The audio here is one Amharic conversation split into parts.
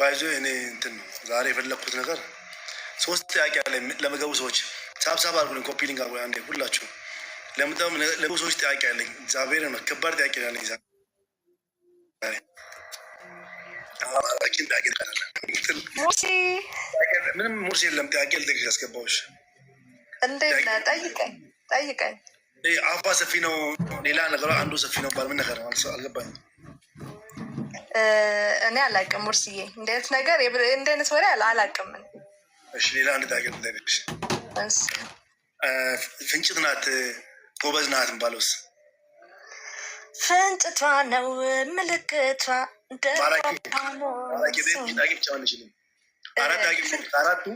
ባይዞ እኔ እንትን ነው ዛሬ የፈለግኩት ነገር ሶስት ጥያቄ ያለ ለመገቡ ሰዎች ሳብሳብ አድርጉልኝ። ኮፒሊንግ ሊንክ አድርጉ አንዴ ሁላችሁ ለምጠም ሰዎች ጥያቄ ያለኝ እግዚአብሔር ነው ከባድ ጥያቄ ያለኝ ምንም ሙርሲ የለም። ጥያቄ ልጠቅ ያስገባዎች እንዴና ጠይቀኝ ጠይቀኝ። አፋ ሰፊ ነው ሌላ ነገሯ አንዱ ሰፊ ነው ባል ምን ነገር አልገባኝም እኔ አላቅም ሙርስዬ፣ እንደ አይነት ነገር እንደ አይነት ወሬ አላቅም። እሺ ሌላ አንድ ታገር ነገርሽ ፍንጭት ናት ጎበዝ ናት ባለውስ ፍንጭቷ ነው ምልክቷ። አራቱ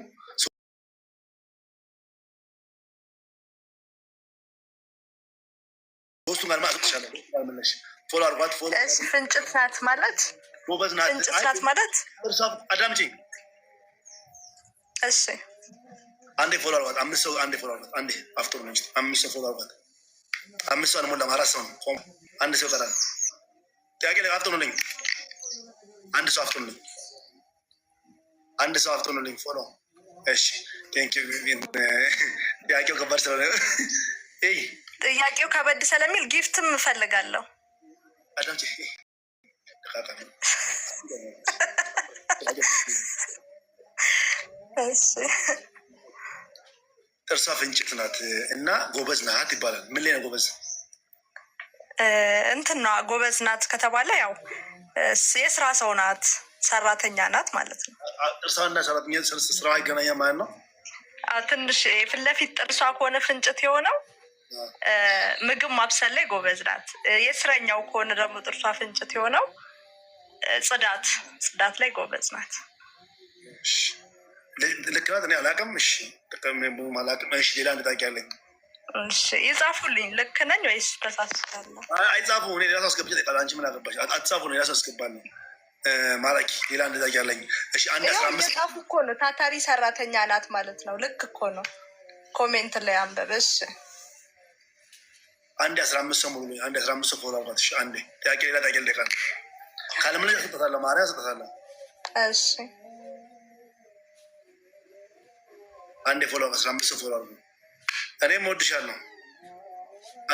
ሶስቱን አልማ ትቻለ ፎሎ አርጓት። ፎሎ እሺ። ፍንጭት ናት ማለት ጎበዝ ናት፣ ፍንጭት ናት ማለት እርሷ። አዳምጪኝ እሺ። አንዴ ፎሎ አርጓት። አምስት ሰው አንዴ ፎሎ አርጓት። አንዴ አፍጦር ነው። አምስት ሰው ፎሎ አርጓት። አምስት ሰው አልሞላም። አራት ሰው ነው። አንድ ሰው ይቀራል። ጥያቄ ላይ አፍጦር ነኝ። አንድ ሰው አፍጦር ነኝ። አንድ ሰው አፍጦር ነኝ። ፎሎ እሺ። ቴንኪው። ጥያቄው ከባድ ስለሆነ ጥያቄው ከበድ ስለሚል ጊፍትም እፈልጋለሁ። ጥርሷ ፍንጭት ናት እና ጎበዝ ናት ይባላል። ምን ላይ ነው ጎበዝ? እንትን ነዋ ጎበዝ ናት ከተባለ ያው የስራ ሰው ናት፣ ሰራተኛ ናት ማለት ነው። ጥርሷና ሰራተኛ ስራ ይገናኛል ማለት ነው። ትንሽ ፊት ለፊት ጥርሷ ከሆነ ፍንጭት የሆነው ምግብ ማብሰል ላይ ጎበዝ ናት። የስረኛው ከሆነ ደግሞ ጥርሷ ፍንጭት የሆነው ጽዳት ጽዳት ላይ ጎበዝ ናት። ልክ ናት። እኔ አላውቅም። እሺ ጥቅም አላውቅም። እሺ ሌላ አንድ ጥያቄ አለኝ። እሺ ይጻፉልኝ። ልክ ነኝ ወይስ ተሳስቻለሁ? አይጻፉ። እኔ ሌላ ሰው አስገብቼ እጠይቃለሁ። አንቺ ምን አገባሽ? አትጻፉ ነው ሌላ ሰው አስገባለሁ። ማራኪ ሌላ አንድ ጥያቄ አለኝ። እሺ አንድ አስራ አምስት ጻፉ እኮ ነው ታታሪ ሰራተኛ ናት ማለት ነው። ልክ እኮ ነው። ኮሜንት ላይ አንበበሽ አንድ አስራ አምስት ሰው ሙሉ አንድ አስራ አምስት ሰው ፎቶ አርጓት። እሺ አንዴ ጥያቄ ሌላ ጥያቄ ልጠይቃለሁ። ካለም ልጅ አስጠታለሁ፣ ማርያም አስጠታለሁ። እሺ አንዴ ፎሎ አስራ አምስት ፎሎ አርጉ። እኔም ወድሻለሁ።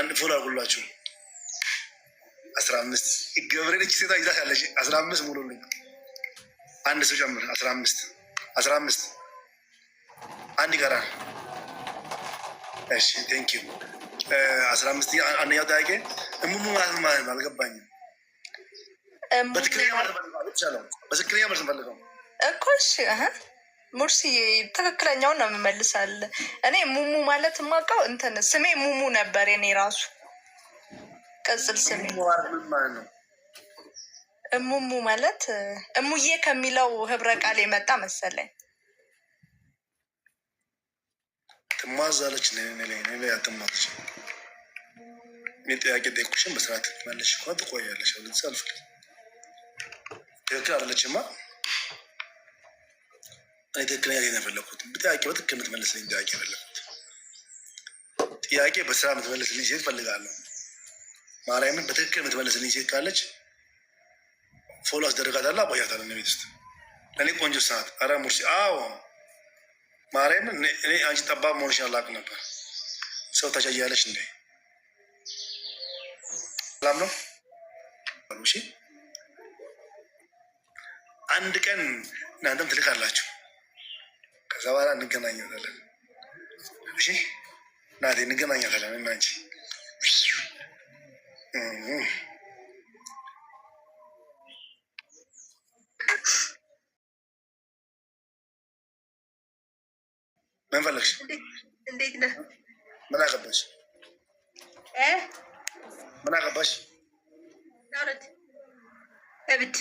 አንድ ፎሎ አርጉላችሁ። አስራ አምስት ገብርኤል ሴታ ይዛት ያለች አስራ አምስት ሙሉልኝ። አንድ ሰው ጨምር። አስራ አምስት አስራ አምስት አንድ ይቀራል። እሺ ቴንኪዩ አስራ አምስት አንደኛው ጥያቄ እሙሙ ማለት ማለት ነው። አልገባኝም። በትክክለኛ መልስ ፈልገው እኮ እሺ፣ ሙርሲዬ ትክክለኛውን ነው የምመልሳል። እኔ ሙሙ ማለት የማውቀው እንትን ስሜ ሙሙ ነበር የኔ ራሱ ቅጽል ስሜ እሙሙ ማለት እሙዬ ከሚለው ህብረ ቃል የመጣ መሰለኝ። ትማዛለች። እኔ ላይ እኔ ላይ ጥያቄ ጠይቁሽን በስርዓት መለሽ እኳ ትቆያለሽ። አለዚ አልፍል ትክክል አለችማ። እኔ ትክክለኛ ዜና የፈለኩት ጥያቄ በትክክል የምትመለስልኝ ጥያቄ የፈለኩት ጥያቄ በስራ የምትመለስልኝ ሴት ፈልጋለሁ። ማርያምን በትክክል የምትመለስልኝ ሴት ካለች ፎሎ አስደርጋታለሁ፣ አቆያታለሁ ቤት ውስጥ እኔ ቆንጆ ሰዓት አረ ሙርሲ አዎ ማርያም እኔ አንቺ ጠባብ መሆንሽ አላውቅም ነበር። ሰው ታቻያለሽ እንደ ሰላም ነው። አንድ ቀን እናንተም ትልቅ አላችሁ። ከዛ በኋላ እንገናኛለን። እሺ እናቴ እንገናኛለን እናንቺ ምን ፈለግሽ? እንዴት ነህ? ምን አገባሽ? ምን አገባሽ? እብድ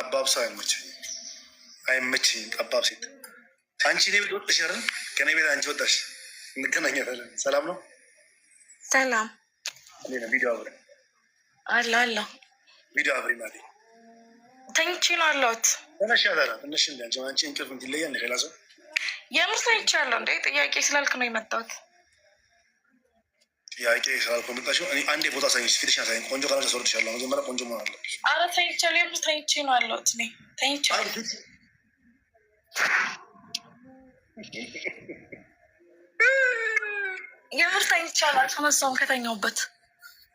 ጠባብ ሰው ጠባብ ሴት። አንቺ እኔ ቤት ወጥሽ አይደል? ከእኔ ቤት አንቺ ወጣሽ፣ እንገናኛለን። ሰላም ነው። ሰላም ቪዲዮ አብረን አለ አለ ቪዲዮ አብሪ ተኝቼ ነው አለሁት። ተነሽ ትንሽ አንቺ እንቅልፍ ሌላ ሰው የምር እንደ ጥያቄ ስላልክ ነው የመጣሁት። ጥያቄ ስላልኩ የመጣሽው አንዴ ቦታ ሳይንስ ሳይን ቆንጆ መጀመሪያ ቆንጆ መሆን የምር ተኝቼ ነው አለሁት። እኔ የምር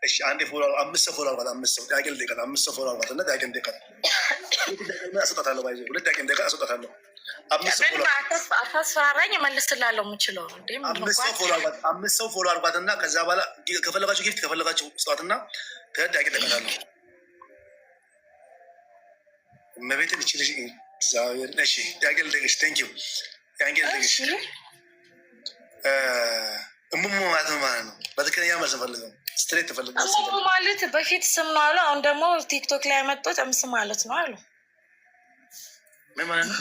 እሺ አንዴ ፎሎ አምስት ሰው ፎሎ አድርጓት። አምስት ሰው ዳግል ደቀት አምስት ሰው ፎሎ አድርጓት እና ዳግል አስወጣታለሁ። ባይዘ ሁለት አስወጣታለሁ። አታስፈራራኝ፣ እመልስላለሁ። የምችለው አምስት ሰው ፎሎ አልባት እና ከዛ በኋላ ከፈለጋችሁ ጊፍት ከፈለጋችሁ ስጧት እና ዳግል ደቀት አለሁ። እመቤትን እችልሽ እግዚአብሔር። እሺ ዳግል ደቀሽ ቴንኪው። ዳግል ደቀሽ እሙሙ ማለት ነው ማለት ነው። በትክክለኛ መልስ ፈልገው ስትሬት ተፈለገ ማለት በፊት ስም ነው አሉ። አሁን ደግሞ ቲክቶክ ላይ ያመጡት እምስ ማለት ነው አሉ። ምን ማለት ነው?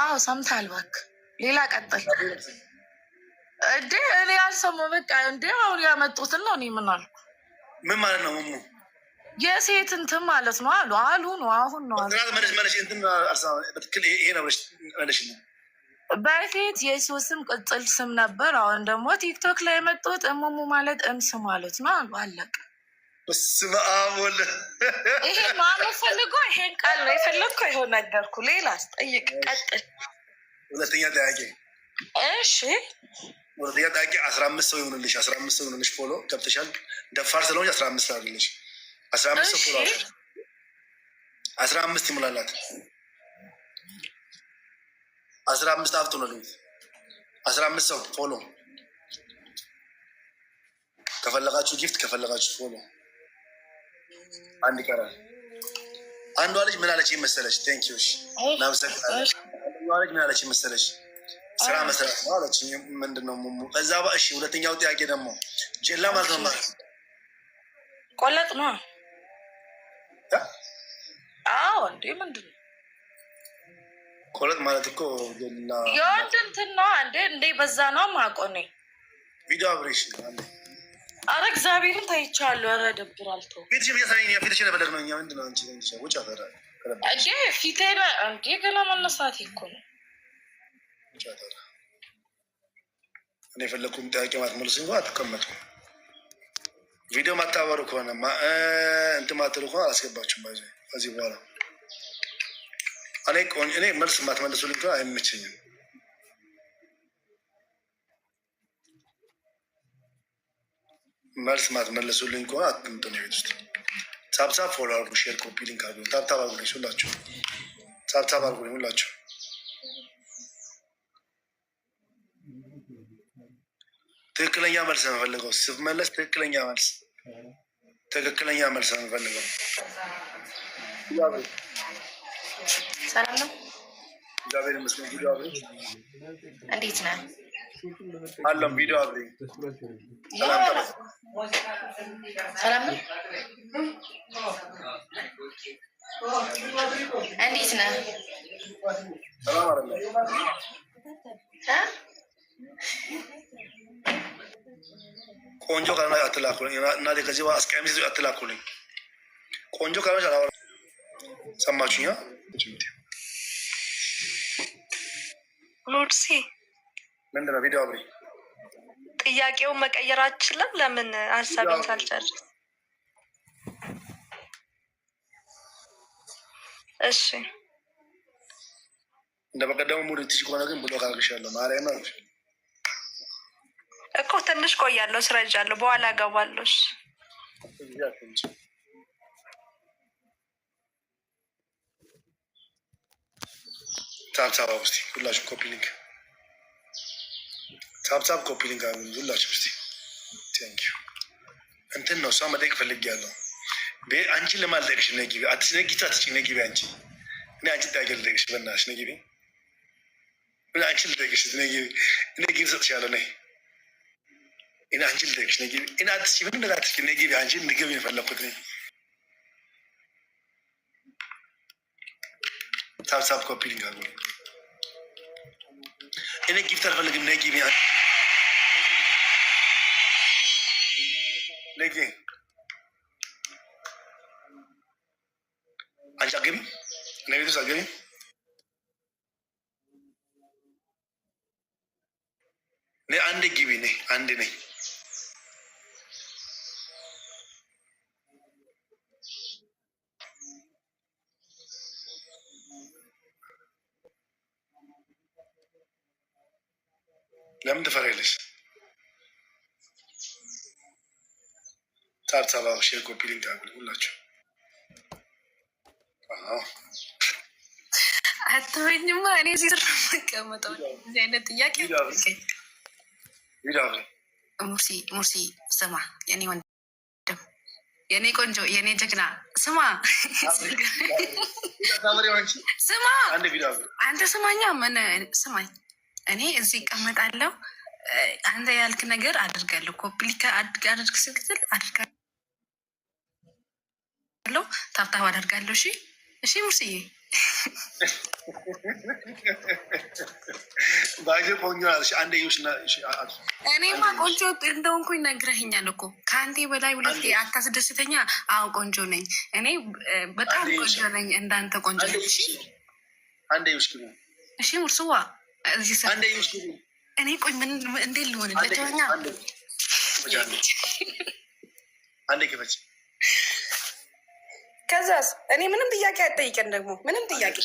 አዎ ሰምተሃል። እባክህ ሌላ ቀጠል እንዴ? እኔ አልሰማሁም። በቃ እንዴ አሁን ያመጡትን ነው። እኔ ምን አልኩ? ምን ማለት ነው? ሙሙ የሴት እንትን ማለት ነው አሉ። አሉ ነው አሁን ነው። መለሽ መለሽ እንትን አልሰማሁም። በትክክል ይሄ ነው መለሽ ነው በፊት የሱስም ቅጽል ስም ነበር። አሁን ደግሞ ቲክቶክ ላይ የመጡት እሙሙ ማለት እምስ ማለት ነው አሉ። አለቀ። ስመ አብ ወልድ ይሄ ማነው ፈልጎ ይሄን ቃል ነው የፈለግኩ። ይኸው ነገርኩ። ሌላ አስጠይቅ። ቀጥል። ሁለተኛ ጥያቄ። እሺ፣ ሁለተኛ ጥያቄ። አስራ አምስት ሰው ይሆንልሽ፣ አስራ አምስት ሰው ይሆንልሽ። ፎሎ ገብተሻል። ደፋር ስለሆንሽ አስራ አምስት ላድርግልሽ። አስራ አምስት ሰው ፎሎ አስራ አምስት ይሙላላት። አስራ አምስት ሀብቱ ነው አስራ አምስት ሰው ፎሎ ከፈለጋችሁ ጊፍት ከፈለጋችሁ ፎሎ አንድ ቀራል። አንዷ ልጅ ምን አለች መሰለች? ቴንክ ዩ ልጅ ምን አለች መሰለች? ስራ መስራት ነው አለች። ከዛ ባ እሺ፣ ሁለተኛው ጥያቄ ደግሞ ጀላ ማለት ነው ማለት ቆለጥ ነ አዎ እንዴ ምንድን ቆረጥ ማለት እኮ የወንድ እንትን ነው። አንዴ እንዴ በዛ ነው ማቆ ነ ቪዲዮ አብሬሽ አረ እግዚአብሔርን ታይቻለሁ። አረ ደብራል ተው ፊትሽ ያሳይኛ ፊትሽ ለበለግ ነው። እኛ ምንድን ነው አንቺ ሰዎች አፈራ እ ፊቴ እንዴ ገና መነሳት እኮ ነው። እኔ የፈለግኩን ጥያቄ ማትመልስ እንኳ አትቀመጡ። ቪዲዮ ማታወሩ ከሆነ እንትን ማትሉ ከሆነ አላስገባችሁም በዚህ በኋላ እኔ መልስ የማትመልሱ ልጅ አይመቸኝም። መልስ ማትመለሱልኝ ከሆነ አትምጡ። ነው ቤት ውስጥ ታብታብ ፎሎ አርጉ፣ ሼር ኮፒ ሊንክ አርጉ፣ ታብታብ አርጉ፣ ሁላችሁ ታብታብ አርጉ፣ ሁላችሁ ትክክለኛ መልስ ነው የምፈልገው። ስትመለስ ትክክለኛ መልስ፣ ትክክለኛ መልስ ነው የምፈልገው። ሰላም ነው። እግዚአብሔር ይመስገን። ቪዲዮ አብሬ እንዴት ነህ? አለም ቪዲዮ አብሬ ሰላም ነው። እንዴት ነህ? ሰላም አለ ቆንጆ ከሆነ አትላኩልኝ። እናቴ ከዚህ አስቀያሚ አትላኩልኝ። ቆንጆ ከሆነች አላወራም ሰማችኛ ሎድሲ ምንድን ነው ቪዲዮ አብሪ ጥያቄውን መቀየር አችልም። ለምን ሀሳቤን ሳልጨርስ እሺ እንደ በቀደሙ ሙድ ትሽ ከሆነ ግን ብሎ ካልግሻለሁ ማርያም እኮ ትንሽ ቆያለሁ፣ ስረጃለሁ፣ በኋላ እገባለሁ። Tab tab avusti. Gullaç copy link. tab tab ኮፒ ሊንክ አድርጉኝ ሁላችሁ እስቲ ቴንክ ዩ እንትን ነው እሷ መጠየቅ ፈልጌያለሁ። አንቺ ለማልጠቅሽ ነጊቢ አትነጊት አትጭ ነጊቢ አንቺ እኔ አንቺ ዳገ ልጠቅሽ በናሽ ነጊቢ አንቺ ልጠቅሽ ነጊቢ እኔ ጊቢ ሰጥሻለሁ ነይ እኔ አንቺ ልጠቅሽ ነጊቢ እኔ አትስ ምንም ነገር አትስ ነጊቢ አንቺ እንድገቢ የፈለኩት ነኝ። ታብታብ ኮፒ ሊንክ አድርጉኝ እኔ ጊፍት አልፈልግም። ነይ ግቢ ነይ ግቢ። አንቺ አትገቢም፣ እኔ ቤት ውስጥ አትገቢም። ነይ አንዴ ግቢ ነይ አንዴ ነይ ለምን ትፈሪያለሽ? ታብታባ ሼር ኮፒ ሊንክ አድርጉልኝ ሁላችሁ። አትበኝማ እኔ እዚህ ስር መቀመጠው እዚህ አይነት ጥያቄ ሙርሲ ሙርሲ ስማ፣ የኔ ወንድም፣ የኔ ቆንጆ፣ የኔ ጀግና ስማ ስማ፣ አንተ ስማኛ ምን ስማኝ እኔ እዚህ ይቀመጣለሁ። አንተ ያልክ ነገር አድርጋለሁ። ኮፕሊካ አድርግ ስትል አድርጋለሁ፣ ታብታብ አደርጋለሁ። እሺ፣ እሺ ሙርስዬ ባይዘ ቆንጆ አለሽ። አንዴ እኔማ ቆንጆ እንደሆንኩኝ ነግረኸኛል እኮ ከአንዴ በላይ ሁለቴ አታስደስተኛ። አዎ ቆንጆ ነኝ እኔ በጣም ቆንጆ ነኝ። እንዳንተ ቆንጆ ነሽ። አንዴ እሺ ሙርስዋ እኔ ቆይ ምን እንዴት ልሆን እንደኛ ከዛስ እኔ ምንም ጥያቄ አትጠይቀን ደግሞ ምንም ጥያቄ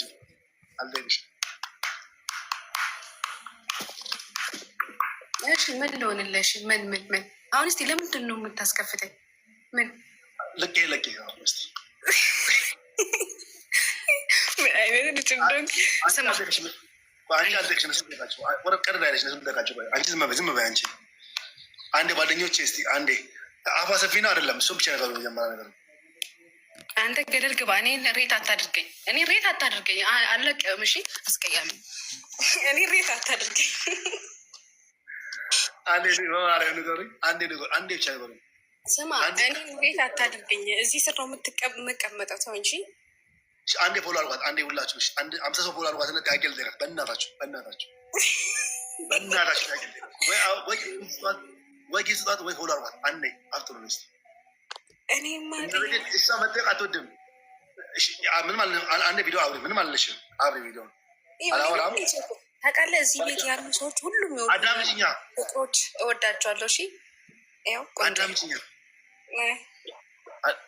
እሺ ምን ልሆንለሽ ምን ምን ምን አሁን እስቲ ለምንድን ነው የምታስከፍተኝ ምን ልቄ ልቄ ምን አይነት ልጭ ስማ አንቺ አልጠቅሽ ነሱ ደቃቸው ነሱ ደቃቸው ዝም በይ አንቺ አንዴ ጓደኞቼ እስኪ አንዴ አፋ ሰፊ ነው አይደለም እሱ ብቻ ነገሩ መጀመሪያ ነገር አንተ ገደል ግባ። እኔ ሬት አታድርገኝ። እኔ ሬት አታድርገኝ። አለቀም። እሺ አስቀያሚ። እኔ ሬት አታድርገኝ። አንዴ አንዴ ብቻ ነገሩ ስማ። እኔ ሬት አታድርገኝ። እዚህ ስር ነው የምትቀመጠው ሰው እንጂ አንድ ፎሎ አድርጓት። አንድ ሁላችሁ አምሳ ሰው ፎሎ አድርጓት እና ጥያቄ ልጠይቃት። በእናታችሁ በእናታችሁ በእናታችሁ ጥያቄ ወይ ጊዜ ስጧት ወይ ፎሎ አድርጓት። አንዴ አፍጥሩ ስ እሷ መጠየቅ አትወድም። ምን ቪዲዮ አብሪ ምንም አለሽም። አብሪ ቪዲዮ አላወራም። ታውቃለህ፣ እዚህ ቤት ያሉ ሰዎች ሁሉም ይወ ፍቅሮች እወዳቸዋለሁ። እሺ ያው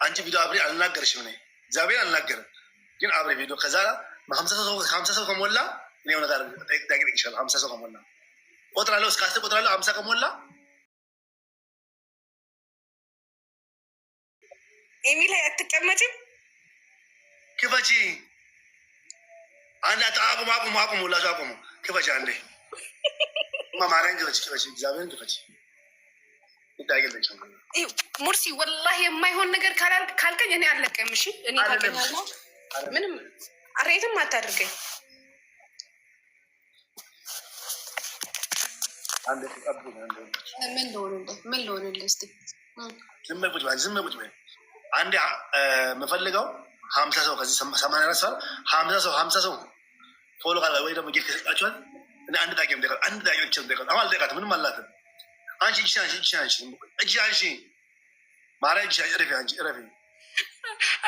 አንቺ ቪዲዮ አብሪ አልናገርሽም። ነ እግዚአብሔር አልናገርም ግን አብሬ ቪዲዮ ከዛ ሀምሳ ሰው ከሞላ እኔ እውነት ጠቂጠቅ ይችላል። ሀምሳ ሰው ከሞላ ቆጥራለሁ፣ እስከ አስር ቆጥራለሁ። ሀምሳ ከሞላ ኤሚ ላይ አትቀመጭም። ክፈቺ አንድ አቁሙ፣ አቁሙ፣ አቁሙ፣ ሁላችሁ አቁሙ። ክፈቺ አንዴ ማማረን ክፈቺ፣ ክፈቺ፣ እግዚአብሔርን ክፈቺ። ሙርሲ ወላሂ የማይሆን ነገር ካልቀኝ እኔ አለቀም። እሺ እኔ ታቀኛለሁ ምንም አሬትም አታድርገኝ። ምን ልሆንልህ? ዝም ቁጭ ዝም ቁጭ አንዴ የምፈልገው ሀምሳ ሰው ከዚህ ሰማንያ አራት ሰው ሀምሳ ሰው ሀምሳ ሰው ፎሎ ወይ ደግሞ ጌት ከሰጣችኋል። እኔ አንድ ጣቂ ምደቀል አንድ ጣቂ ብቻ አሁን ምንም አላትም። አንቺ እጅሽ አንቺ አንቺ አንቺ ማርያም አንቺ እረፊ አንቺ እረፊ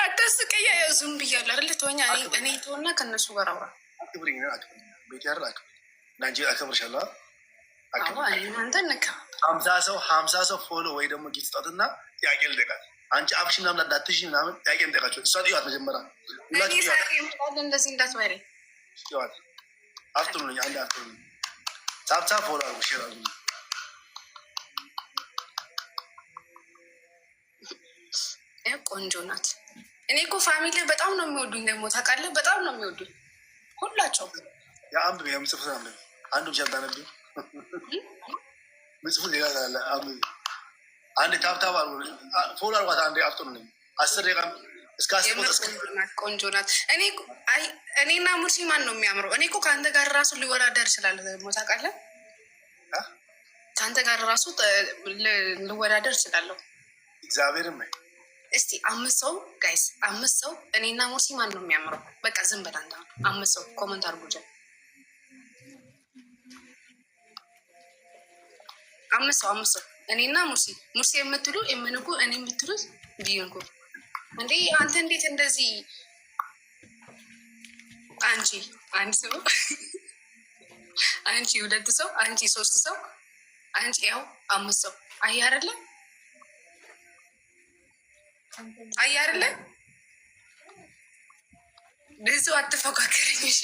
አታስቀያ ዝም ብያለሁ አለ ተወኛ። እኔ ትሆና ከነሱ ጋር አውራ። አክብሪኝ አክብሪኝ። ቤት ያር ሀምሳ ሰው ሀምሳ ሰው ፎሎ ወይ ደግሞ ጊት ጥያቄ ልደቃል። አንቺ አብሽ ምናምን እንዳትሽ ምናምን ጥያቄ ልደቃቸው። እሷ ጥዋት መጀመሪያ እንደዚህ እንዳትበሪ ጥዋት አፍጥሩ ነኝ አንድ አፍጥሩ ሳብሳብ ፎሎ አርጉ ቆንጆ ናት። እኔ እኮ ፋሚሊ በጣም ነው የሚወዱኝ። ደግሞ ታውቃለህ፣ በጣም ነው የሚወዱኝ ሁላቸው። አንብ የምጽፉ አንብ አንዱ ብቻ ምጽፉ ሌላ ላለ አንድ ታብታብ ፎል አርጓት አንድ አፍቶ ነው አስር ደቂቃ እስከ አስር ቆንጆ ናት። እኔና ሙርሲ ማን ነው የሚያምረው? እኔ እኮ ከአንተ ጋር ራሱ ሊወዳደር ይችላል። ደግሞ ታውቃለህ ከአንተ ጋር ራሱ ልወዳደር እችላለሁ። እግዚአብሔርም እስቲ አምስት ሰው ጋይስ፣ አምስት ሰው እኔና ሞርሲ ማን ነው የሚያምረው? በቃ ዝም በላ እንዳ አምስት ሰው ኮመንት አድርጉ። አምስት ሰው አምስት ሰው እኔና ሙርሲ ሙርሲ የምትሉ የምንጉ እኔ የምትሉት ብዩንኩ እንዴ አንተ እንዴት እንደዚህ አንቺ አንድ ሰው አንቺ ሁለት ሰው አንቺ ሶስት ሰው አንቺ ያው አምስት ሰው አይ አይደለም አየህ አይደለ? ብዙ አትፎካከረኝ። እሺ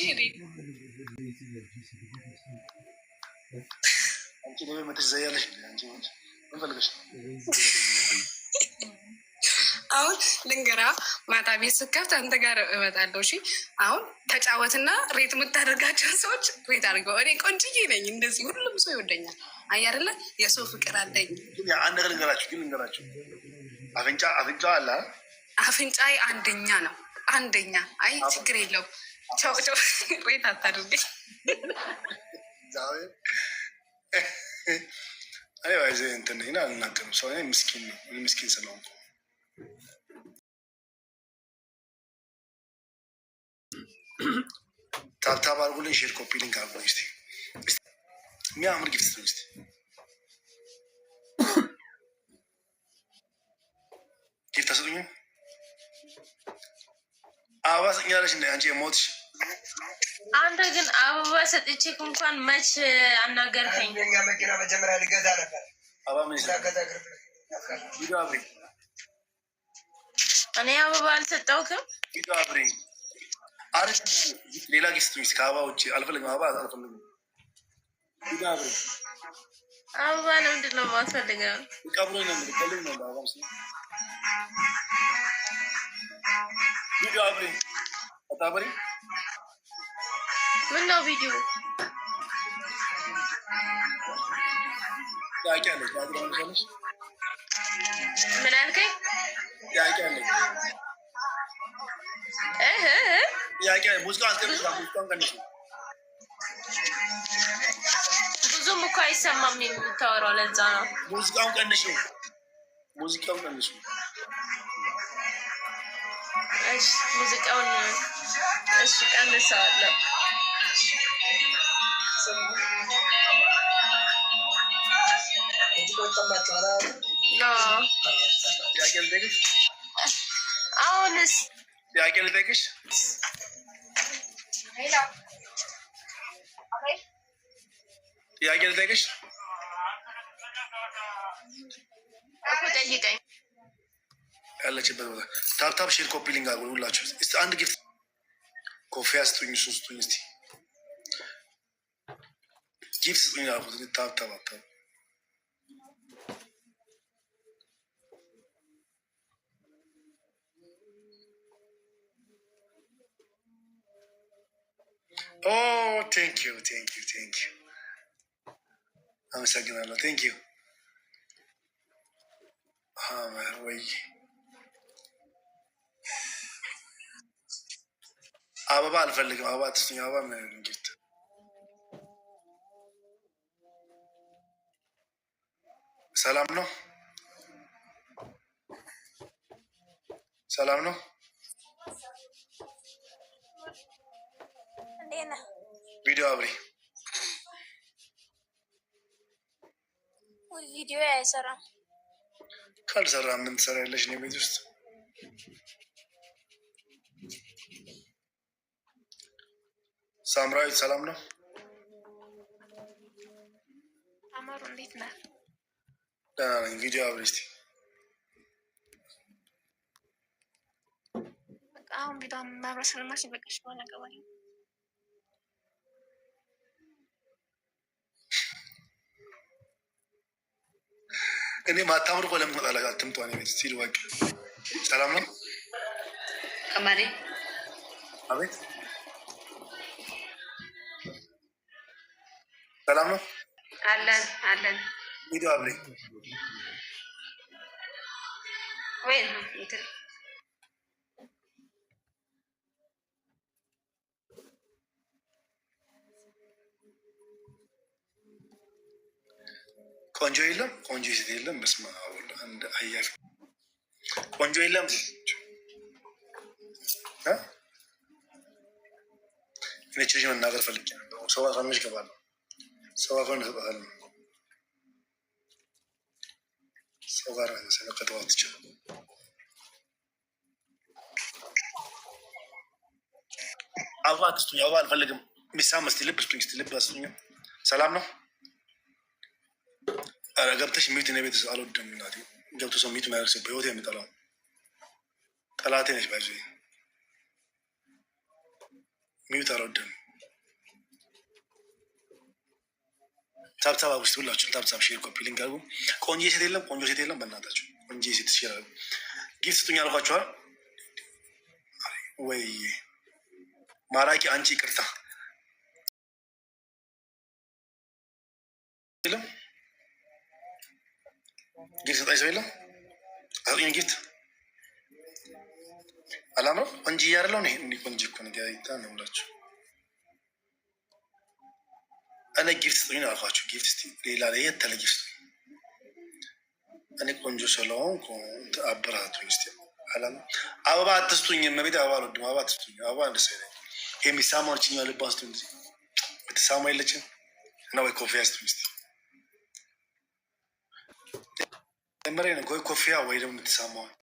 አሁን ልንገራ፣ ማታ ቤት ስከፍት አንተ ጋር እመጣለሁ። እሺ አሁን ተጫወትና ሬት የምታደርጋቸውን ሰዎች ሬት አድርገው። እኔ ቆንጅዬ ነኝ፣ እንደዚህ ሁሉም ሰው ይወደኛል። አየህ አይደለ? የሰው ፍቅር አለኝ። አንድ ልንገራችሁ ግን ልንገራችሁ አፍንጫ አፍንጫ አለ አፍንጫ አንደኛ ነው። አንደኛ አይ ችግር የለው። ቻው ቻው። ሬት አታድርገኝ። አይ ባይዘ እንትን ነኝ አልናገርም። ሰው ምስኪን ነው። ምስኪን ስለሆንኩ ታብታብ አድርጉልኝ። ሼር ኮፒ ሊንክ አድርጉልኝ። እስኪ የሚያምር ጊፍት ነው። ጊፍት አሰጡኝም። አበባ ሰጥኛለች እንደ አንቺ የሞትሽ አንተ ግን አበባ ሰጥቼክ እንኳን መች አናገርከኝ። መኪና መጀመሪያ ልገዛ ነበር። እኔ አበባ አልሰጠውክም። ሌላ ጊፍት ሚስ ከአበባ ውጭ አልፈልግም። አበባ አልፈልግም። አበባ ለምንድን ነው የማትፈልገው? ቪዲዮ አብሬ አብሬ ምን ነው ቪዲዮ ምን አልከኝ? ብዙም እኮ አይሰማም የምታወራው፣ ለዛ ነው ሙዚቃውን ቀንሽ፣ ሙዚቃውን ቀንሽ። ሙዚቃውን እሱ ቀንሰዋለሁ። አሁንስ ጥያቄ ልጠይቅሽ። ጥያቄ ልጠይቅሽ። ጠይቀኝ ያለችበት ቦታ ታፕታፕ ሼር ኮፒ ሊንግ አድርጉ ሁላችሁ። እስቲ አንድ ጊፍት ኮፊያ ስጡኝ፣ እሱን ስጡኝ። እስቲ ጊፍት ስጡኝ አልኩት። ታፕታፕ ታፕታፕ ኦ ቴንክ ዩ ቴንክ ዩ ቴንክ ዩ አመሰግናለሁ። ቴንክ ዩ ወይ አበባ አልፈልግም። አበባ አትስጡኝ። አበባ ምን አይነት እንጌት ሰላም ነው፣ ሰላም ነው። ቪዲዮ አብሪ። ቪዲዮ አይሰራም። ካልሰራ ምን ትሰሪያለሽ? እኔ ቤት ውስጥ ሳምራዊት ሰላም ነው? አማሩ እንዴት ነህ? ደህና ነኝ። ቪዲዮ አብሪ አሁን ቪዲዮ ማብራት ስለማልችል በቃ እሺ፣ በኋላ እኔ ማታምር እኮ ለምን ትመጣለህ? አትምጡ። እኔ ቤት ሲል ወቅ ሰላም ነው? አቤት ሰላም ነው አለን አለን አብሬ ወይ ቆንጆ የለም፣ ቆንጆ ሴት የለም። በስመ አብ እንደ ቆንጆ የለም። እኔች ልጅ መናገር ፈልጌ ነው። ሰው አሳምሽ ገባለሁ ሰዋፈን ህባል አባ ጋር ሰነቀጠው አትችልም። አበባ ክስቱኝ፣ አበባ አልፈልግም። ልብ ስጡኝ፣ ስቲ ልብ ስጡኝ። ሰላም ነው። ኧረ ገብተሽ ሚት ነ ቤት አልወድም። እናቴ ገብቶ ሰው ሚት ማያርስ በህይወት የምጠላው ጠላቴ ነች። ባይዞ ሚት አልወድም። ታብታብ ውስጥ ሁላችሁም ታብታብ ሼር ኮፒ ሊንክ አድርጉ። ቆንጆ ሴት የለም፣ ቆንጆ ሴት የለም። በእናታችሁ ቆንጆ ሴት ሼር አድርጉ። ጊፍት ስጡኝ አልኳችኋል ወይ ማራኪ አንቺ ይቅርታ የለም። ጊፍት ሰጣኝ ሰው የለም። አሁን ጊፍት አላምረው እንጂ ያርለው ነው። እንዲህ ቆንጆ እኮ ነው ያይታ ነው ሁላችሁ እኔ ጊፍት ስጡኝ ነው አልኳቸው። ጊፍት ሌላ የተለየ ጊፍት እኔ ቆንጆ ስለሆንኩ አበረታቱኝ። ስ አበባ አትስጡኝ፣ መቤት አበባ አልወድም። አበባ አትስጡኝ፣ አበባ አንድ ሰ የሚሳማዎችኛ ልባ ስጡ ብትሳማ የለችም እና ወይ ኮፊያ ስጡኝ ስ መሪ ኮፊያ ወይ ደግሞ የምትሳማዋል